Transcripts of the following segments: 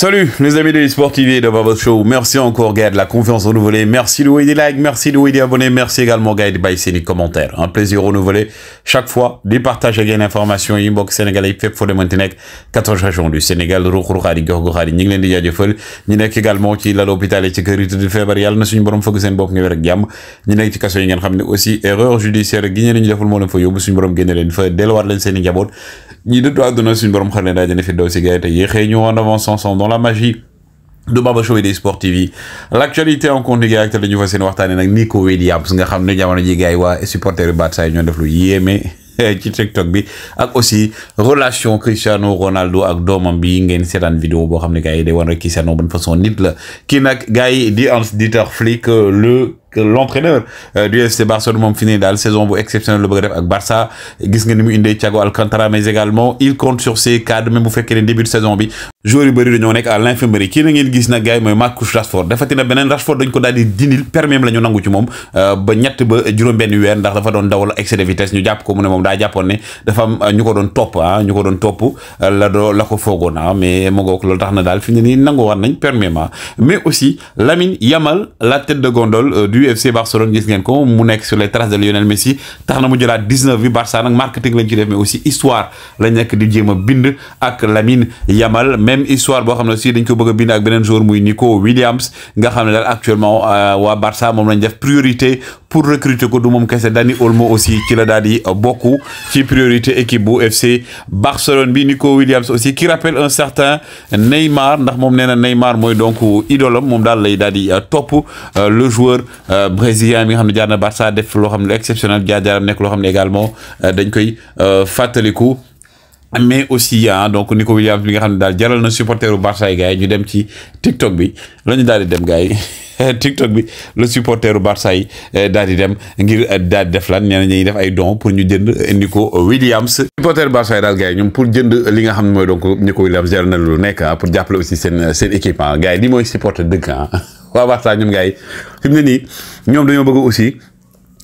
Salut les amis de l'eSport TV de votre Show. Merci encore gars de la confiance renouvelée. Merci de des likes, merci de des abonnés, merci également gars de baisser les commentaires. Un plaisir renouvelé chaque fois de partager gain information inbox sénégalais fait pour le Montenegro 14 régions du Sénégal roxroxari gorgoxari ñi ngi leen di jaajeufal ñi nekk également ci et ci kër février tudd feebar na suñu borom fëgg seen bopp nga wér ak jàmm ci aussi erreur judiciaire Guinéen ñeen ñu deful moo leen fa yóbbu suñu borom génne leen fa delluwaat leen seen ñi dëddu àdduna suñu borom xam ne daa jëne fi daw si gars yi te yéexee ñu en avance ensemble la magie de Baba Show et Sport TV l'actualité en continu gars yi te supporter Barça yi ñoo def lu yéeme ci TikTok bi ak aussi relation Cristiano Ronaldo ak doomam bi ngeen seetaan vidéo boo xam ne gars yi day wan rek euh, le l'entraîneur euh, du FC Barcelone mom fini dal saison bu exceptionnel le bëgg def ak Barça gis nga ni mu indé Thiago Alcantara mais également il compte sur ses cadres même bu fekkee ne début de saison bi joueur yu bari dañoo nekk à l'infirmerie ki na ngeen gis nag gars moy Marcus Rashford defati na benen Rashford dañ ko dal di dindil permis la ñu nangu ci mom euh, ba ñett ba juroom benn wër ndax dafa doon dawal excès de vitesse ñu japp ko mu ne mom da jàppoon né dafa ñuko euh, ñu ko doon topp ah ñu doon topp la doo la ko foogoon ah mais mo ngoog loolu tax na dal fini ni nangu war nañ permet ah. mais aussi Lamine Yamal la tête de gondole du FC Barcelone gis ngeen sur les traces de Lionel Messi tax mu 19 Barça marketing mais aussi histoire lañ nekk di Lamine Yamal même histoire bo aussi Nico Williams nga actuellement euh, Barça priorité pour recruter ko Dani Olmo aussi priorité équipe FC Barcelone Nico Williams aussi qui rappelle un certain Neymar ndax Neymar donc euh, euh, le joueur euh, brésilien mi nga jarna Barça def exceptionnel jaar également euh, dañ koy euh, mais aussi ah, donc Nico Williams nga jaral na supporter Barça yi ñu TikTok bi lañu dem TikTok bi le supporter Barça yi dem ngir dal def lan pour na def pour ñu jënd Nico Williams. supporter Barça yi pour jënd li nga donc Nico Williams jaral na lu ah, pour pour aussi ah. fi mu ne nii ñoom dañoo bëgg aussi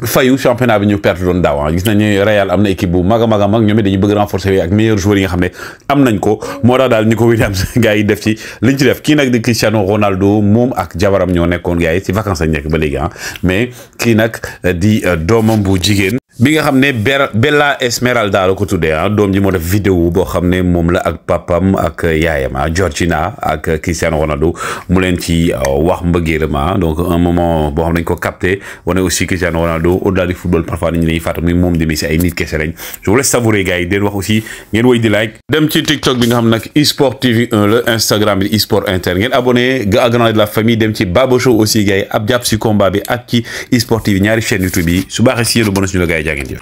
fayu championnat bi ñu perte doon daaw ah. gis nañu Real am na équipe bu mag a mag a mag ñoom dañu bëgg renforcer wi ak meilleurs joueurs yi nga xam ne am nañ ko moo tax daal Nico Williams gars yi def ci liñ ci def kii nag di Cristiano Ronaldo moom ak jabaram ñoo nekkoon gars yi ci vacances lañ nekk ba léegi ah mais kii nag di euh, doomam bu jigéen bi nga xam ne Bella Esmeralda la ko tuddee ah doom ji moo def vidéo boo xam ne moom la ak papam ak yaayam ah Georgina ak Cristiano Ronaldo mu leen ci euh, wax mbëggeelam ah donc un moment boo xam ne dañ ko capté wane aussi Cristiano Ronaldo au-delà du football parfois dañu lay fàttali muy moom demee si ay nit kese lañ je vous laisse savourer gars yi den wax aussi ngeen woy di like dem ci TikTok bi nga xam nag eSport TV 1 Instagram bi eSport Inter ngeen abonné ga ak ci eSport ñaari chaîne YouTube yi su si yéen ya que yo.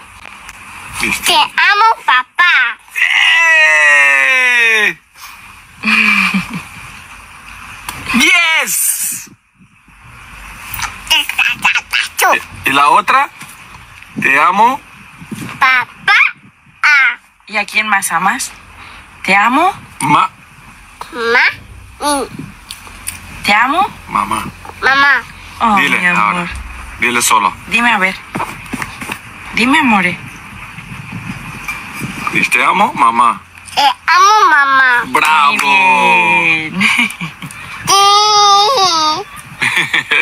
Te amo, papá. ¡Eh! ¡Yes! ¿Y la otra? Te amo. Papá. Ah. ¿Y a quién más amas? Te amo. Ma. Ma. Te amo. Mamá. Mamá. Dile amor. Dile solo. Dime a ver. Dime, amore. ¿Y te amo, mamá? Eh, amo, mamá. ¡Bravo! Mm.